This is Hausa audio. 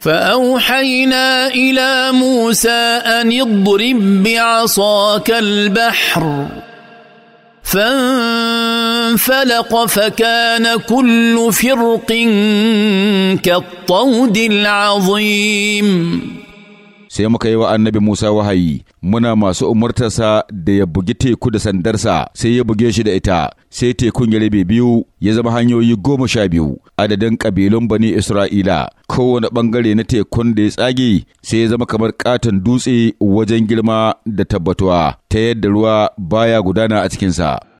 فأوحينا إلى موسى أن اضرب بعصاك البحر فانفلق فكان كل فرق كالطود العظيم sai muka yi wa annabi Musa wahayi muna masu umartarsa da ya bugi teku da sandarsa sai ya buge shi da ita sai tekun ya rabe biyu ya zama hanyoyi goma sha biyu adadin ƙabilun bani Isra'ila kowane ɓangare na tekun da ya tsage sai ya zama kamar ƙaton dutse wajen girma da tabbatuwa ta yadda ruwa baya gudana a cikinsa.